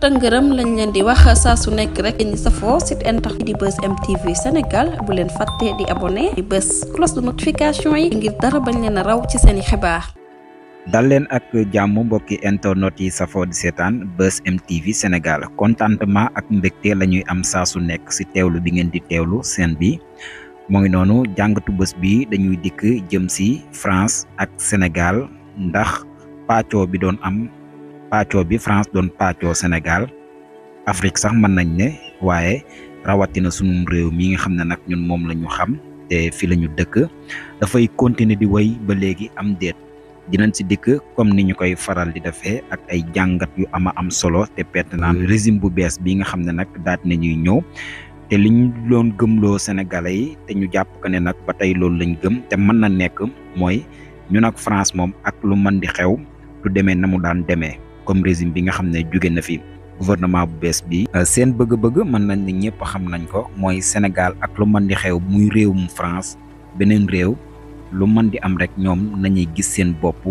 tëngërëm lañ leen di wax saa su nekk rek ñi safoo site internet di bës mtv sénégal bu leen fàtte di abonné di bës cloche de notification yi ngir dara bañ leen a raw ci seeni xibaar dal leen ak jàmm mbokki internet yi safoo di seetaan bës mtv sénégal contentement ak mbégte lañuy am saa su nekk si teewlu bi ngeen di teewlu seen bi mu ngi noonu jàngatu bës bi dañuy dikk jëm si france ak sénégal ndax pàccoo bi doon am pàccoo bi France doon pàccoo Sénégal Afrique sax mën nañ ne waaye rawatina sunum réew mi nga xam ne nag ñun moom la xam te fi la ñu dëkk dafay continuer di woy ba léegi am déet dinañ si dikk comme ni ñu koy faral di defee ak ay jàngat yu ama am solo te pertinent régime bu bees bii nga xam ne nag daat na ñuy ñëw te li ñu doon gëmloo Sénégalais yi te ñu jàpp ko ne nag ba tey loolu lañ gëm te mën na nekk mooy ñu nag France moom ak lu mën di xew lu demee na mu daan demee comme régime bi nga xam ne jóge na fi gouvernement bu bees bi euh, seen bëgg-bëgg mën nañ ne ñëpp xam nañ ko mooy Sénégal ak lu mën di xew muy réewum France beneen réew lu mën di am rek ñoom nañuy gis seen bopp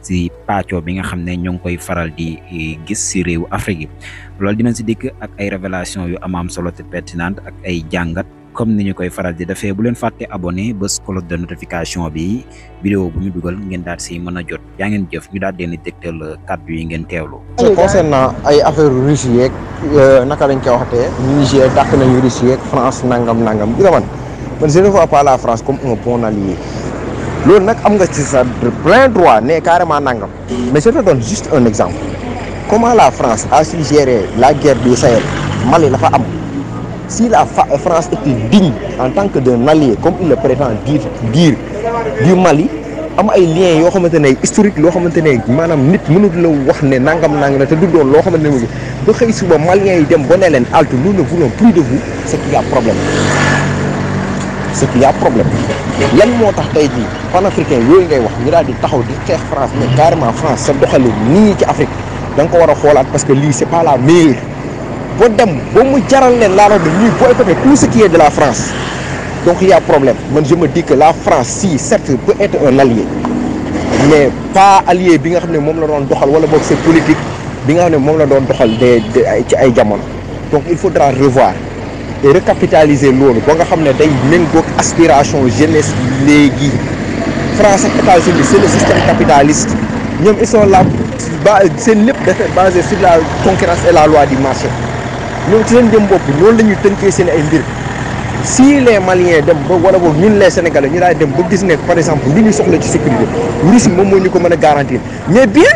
si pàccoo bi nga xam ne ñoo ngi koy faral di gis si réew Afrique yi loolu dinañ si dikk ak ay révélation yu amaam solo te pertinente ak ay jàngat comme ni koy faral di dafé bu len faté abonné bés cloche de notification bi vidéo bu ñu duggal ngeen daal ci mëna jot ya ngeen jëf ñu daal di détecter le kàddu yi ngeen teewlu. concernant ay affaire Russie yeeg euh, naka lañ koy waxatee. Niger na nañu Russie ak France nangam nangam gis man man je ne vois pas la France comme un bon allié. lool nak am nga ci sa plein droit né carrément nangam mais je te donne juste un exemple comment la France a su gérer la guerre du Sahel Mali la fa am si la euh, France était digne en tant que d'un allié, comme il le prétend dire, dire du Mali, am ay liens yoo xamante ne historique loo xamante ne maanaam nit mënut la wax ne nangam nangam la te du doon loo xamante ne moom ba xëy suba maliens yi dem ba ne leen halte nous ne voulons plus de vous c'est qui y a problème c'est qui y a problème lan moo tax tey jii panafricain yooyu ngay wax ñu daal di taxaw di xeex France mais carrément France sa doxalin nii ci Afrique da nga ko war a xoolaat parce que lii c'est pas la meilleure ba dem jaral leen la de ñuy boycotter tout ce qui est de la France donc il y a un problème man je me dis que la France si certes peut être un allié mais pas allié bi nga xam la doxal wala c'est politique bi nga xam ne la doxal de donc il faudra revoir et recapitaliser loolu ba nga xam une même aspiration jeunesse léegi France et États-Unis c'est le système capitaliste ils sont là c'est basé sur la concurrence et la loi du marché ñoom ci seen jëm bopp loolu la ñuy tënkee seen ay mbir si les Maliens dem ba wala boog ñun lee Sénégalais ñu daal dem ba gis ne par exemple li ñu soxla ci sécurité Russie moom moo ñu ko mën a garantir mais bien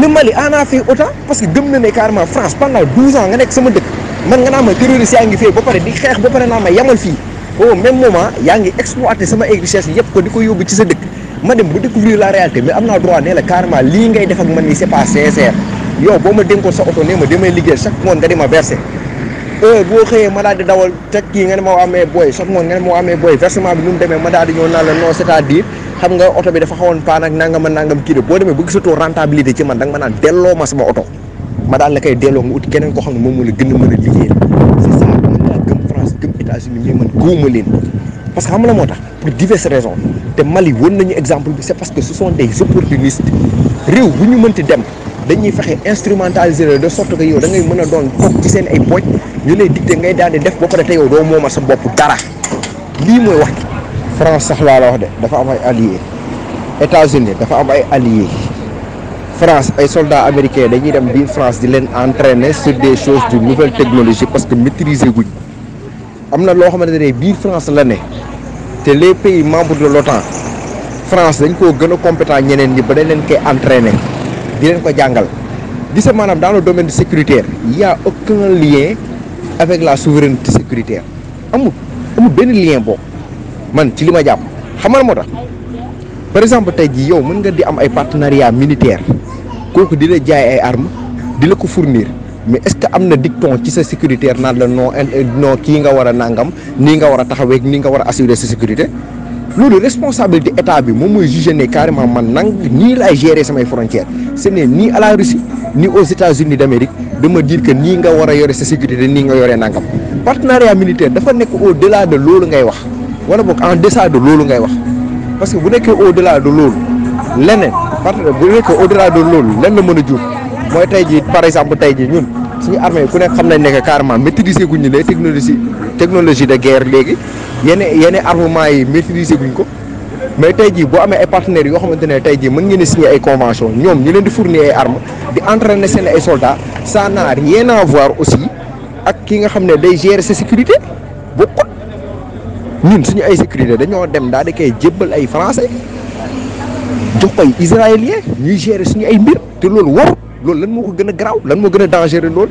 le Mali en a fait autant parce que gëm na ne carrément France pendant douze ans nga nekk sama dëkk man nga naa ma terroriste yaa ngi fee ba pare di xeex ba pare naa ma yamal fii au même moment yaa ngi exploité sama ay richesse yëpp ko di ko yóbbu ci sa dëkk ma dem ba découvrir la réalité am naa droit ne lii ngay def man ni c'est pas sincère yow boo ma dénkoon sa oto ne ma damay liggéey chaque mois nga di ma versé heure boo xëyee ma daal di dawal teg kii nga ne moo amee booy chaque mois nga ne moo amee booy versement bi nu mu demee ma daal di ñëw naan la non c'est-à-dire xam nga oto bi dafa xawoon paan ak nangam ak nangam kii de boo demee ba gisatoo rentabilité ci man da nga ma naan delloo ma sama oto ma daal la koy delloo nga ut keneen koo xam ne moom moo la gën a mën a liggéey c'est ça mën naa gëm France gëm États-Unis mais man gëwuma leen parce que xam la moo tax pour diverses raisons te Mali won nañu exemple bi c'est parce que ce sont des opportunistes réew bu ñu mënti dem dañuy fexe instrumentaliser la de sorte que yow dangay mën a doon toog ci seen ay pooj ñu lay dicté ngay daal di def ba pare te yow doo moomal sa bopp dara lii mooy wax ji. France sax laa la wax de dafa am ay alliés États-Unis dafa am ay alliés France ay soldats américains dañuy dem biir France di leen entraîner sur des choses de nouvelle technologie parce que maîtriser guñ am na loo xamante ne biir France la ne te les pays membres de l'OTAN France dañ koo gën a compétent ñeneen ñi ba dañ leen koy entraîner. di leen ko jàngal di nga maanaam dans le domaine sécuritaire il y a aucun lien avec la souveraineté sécuritaire amul amul benn lien boobu man ci li ma jàpp xam nga moo par exemple tey jii yow mën nga di am ay partenariat militaire kooku di la jaay ay arme di la ko fournir mais est-ce que am na dicton ci sa sécuritaire naan la non euh, noo kii nga war a nangam nii nga war a taxawee nii nga war a assurer sa sécurité. loolu responsabilité état bi moom mooy jugé ne carrément man nang nii laay gérer samay frontières ce n'est ni à la Russie ni aux États-Unis d'Amérique dama dire que nii nga war a yore sa sécurité nii nga yoree nangam partenariat militaire dafa nekk au delà de loolu ngay wax wala boog en deçà de loolu ngay wax parce que bu nekkee au delà de loolu leneen parce que bu nekkee au delà de loolu lenn la mën a jur mooy tey jii par exemple tey jii ñun suñu armée ku nekk xam nañ ne carrément maîtriser guñ ñu les technologies technologie de guerre léegi yene yene armement yi maîtriser guñ ko mais tey jii boo amee ay partenaires yo xamantene ne tey jii mën ngeen a signé ay convention ñom ñu leen di fournir ay armes di entraîner seen ay soldats ça n'a rien à voir aussi ak ki nga xamné day gérer sa sécurité Beaucoup. ñun suñu ay sécurité dañoo dem daal di kay jébbal ay français jox koy israélien ñuy gérer suñu ay mbir te loolu war loolu lan moo ko gën a garaaw lan moo gën a dangereux loolu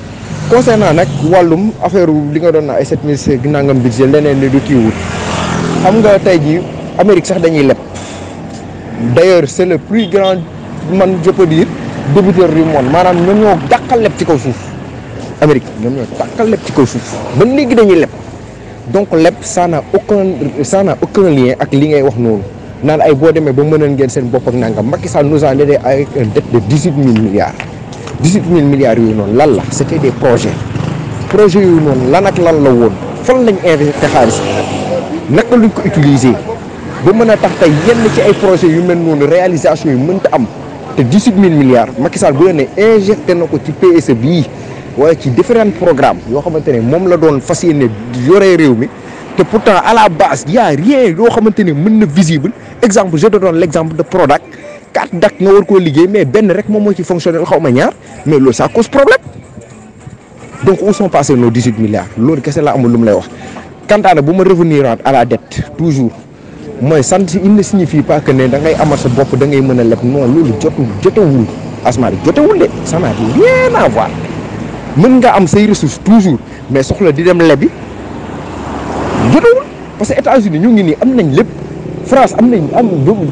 concernant nag wàllum affaire li nga doon na ay 7000 nangam budget leneen li du kiiwut xam nga tey jii Amérique sax dañuy leb d'ailleurs c'est le plus grand man je peux dire débiteur du monde maanaam ñoom ñoo dàqal leb ci kaw suuf Amérique ñoom ñoo dàqal leb ci kaw suuf ba léegi dañuy leb donc leb ça n'a aucun ça n'a aucun ak li ngay wax noonu naan ay boo demee ba mënal ngeen seen bopp ak nangam Macky Sall nous a aidé avec une de 18 000 18 000 milliards yu non lan la c'était des projets projets yu non lan ak lan la woon fan lañ investi xaalis naka luñ ko utiliser ba mën tax tey yenn ci ay projets yu mel non réalisation yu mënta am te 18 000 milliards Macky Sall bu la ne injecté na ci PSE bi wala ci différents programmes yoo xamante ne moom la doon fas yéene yore réew mi te pourtant à la base y a rien yoo xamante ne mën na visible exemple je te donne l'exemple de Prodac quatre dak nga war ko liggéey mais ben rek mom mo ci fonctionnel xawma ñaar mais loolu ça cause problème donc où sont passés nos 18 milliards lolu kese la amul lum lay wax. kantaana bu buma revenir à la dette toujours moy sant il ne signifie pas que né da ngay amal sa bop da ngay mën lepp non lolu jotou jotewul asmaari jotewul dé ça n'a rien à voir mën nga am say ressources toujours mais soxla di dem lebi jotewul parce que États-Unis ñu ngi ni am nañ lepp France am nañ am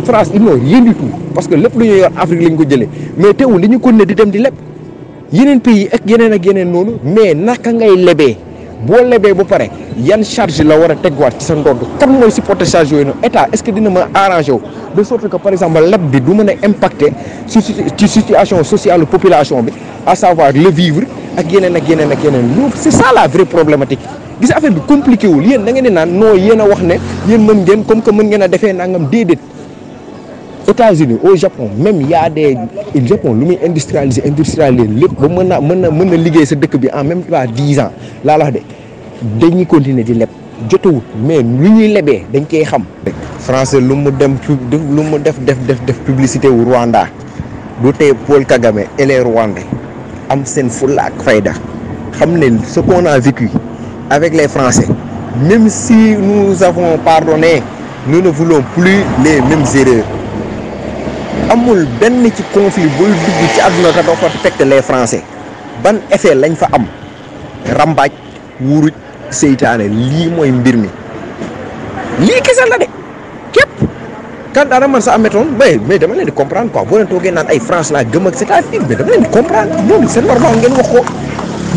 France n'y a rien du tout parce que lépp lu ñu yor Afrique lañ ko jëlee mais téw teewul ko continuer di dem di lepp yeneen pays ak yeneen ak yeneen noonu mais naka ngay lebee bo lebee bu paré yan charge la wara a tegwaat ci sa ndod kan moy supporter charge yooyu état est-ce que dina ma arranger arrangé de sorte que par exemple leb bi duma mën impacter ci situation sociale population bi à savoir le vivre ak yeneen ak yeneen ak yeneen c'est ça la vraie problématique gis affaire bi compliqué wul yéen da ngeen di naan non yéen wax ne yéen mën ngeen comme que mën ngeen a defee nangam déedéet États-Unis au Japon même y a des Japon lu muy industrialiser industrialiser lépp ba mën na mën na mën na sa dëkk bi en même temps 10 ans la la wax de dañuy continuer di leb jotewut mais lu ñuy lebee dañ koy xam. français lu mu dem lu mu def def def def publicité au Rwanda du té Paul Kagame élé les Rwandais am sen fulla ak fayda xam ce qu'on a vécu avec les Français même si nous avons pardonné nous ne voulons plus les mêmes erreurs amul ben ci conflit booy dugg ci àdduna te doo les Français ban effet lañ fa am rambaaj wuruj seytaane lii mooy mbir mi lii kese la de quand daara man sa ameetoon mais mais dama leen di comprendre quoi boo leen toogee naan France laa gëm ak cest à mais dama leen di comprendre loolu c'est normal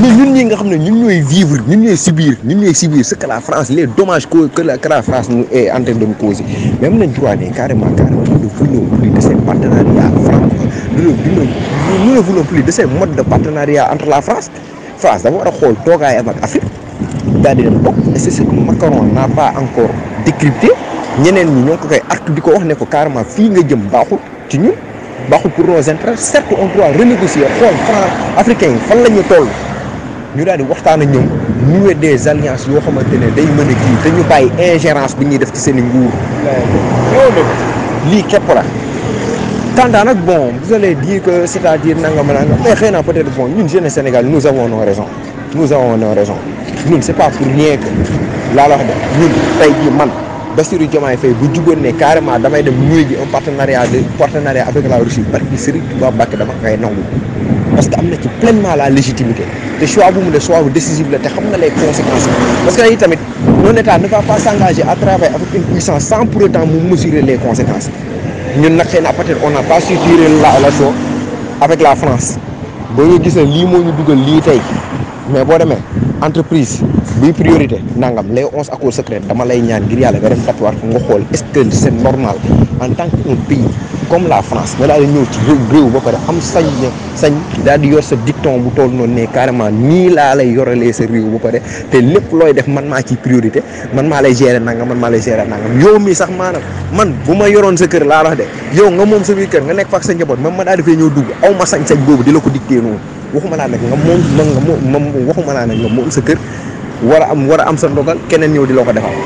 ñi nga xam ne ñun ñooy vivre ñun ñooy subir ñun ñooy subir ce que la France les dommages que que la que la France nous est de nous causer entre la France France dafa war a xool toogaayam ak Afrique daal di leen bokk et ce que Macron n'a pas encore décrypté. ñeneen ñi ñoo ngi ko koy artu di ko wax ne ko carrément fii nga jëm baaxul ci ñun baaxul pour nos intérêts certes on doit renégocier xool franc africain yi fan la ñu toll ñu daal di waxtaan ak ñoom nouer des alliances yoo xamante ne day mën a kii te ñu bàyyi ingérence bi ñuy def ci seen i nguur. lii képp la. Kanda nag bon vous allez dire que c'est-à-dire nangam a nangam mais xëy na peut-être bon ñun jeunes Sénégal nous avons nos raisons nous avons nos raisons ñun c'est pas pour rien que laa la wax de ñun tey jii man. Bassirou Diomaye Faye bu jugoon ne carrément damay dem nuyu ji un partenariat de partenariat avec la Russie parce que Serigne Touba dama koy nangu parce que am na ci pleinement la légitimité te choix bu mu ne choix bu décisif la te xam nga les conséquences parce que tamit non état ne va pas s'engager à travailler avec une puissance sans pour autant mu mesurer les conséquences ñun nag xëy na peut on n'a pas su tirer la leçon avec la France ba ñu gis ne moo ñu dugal lii tey mais boo demee. entreprise buy priorité nangam les onze accords secrets dama lay ñaan ngir yàlla nga dem tatwaar ko nga xool est-ce que c'est normal en tant qu'un pays comme la France nga daal ñëw ci réew ba pare am sañ sañ daal di yor sa dicton bu toll noonu ne carrément nii laa lay yoralee sa réew ba pare te lépp looy def man maa ci priorité man maa lay gérer nangam man maa lay gérer nangam yow mi sax maanaam man bu ma yoroon sa kër laa wax de yow nga moom sa biir kër nga nekk fa ak sa njaboot man ma daal di ñëw dugg aw ma sañ-sañ di la ko dicté waxuma naa nekk nga moom nga moom waxuma naa nag nga moom sa kër war a am war a am sa ndogal keneen ñëw di la ko defal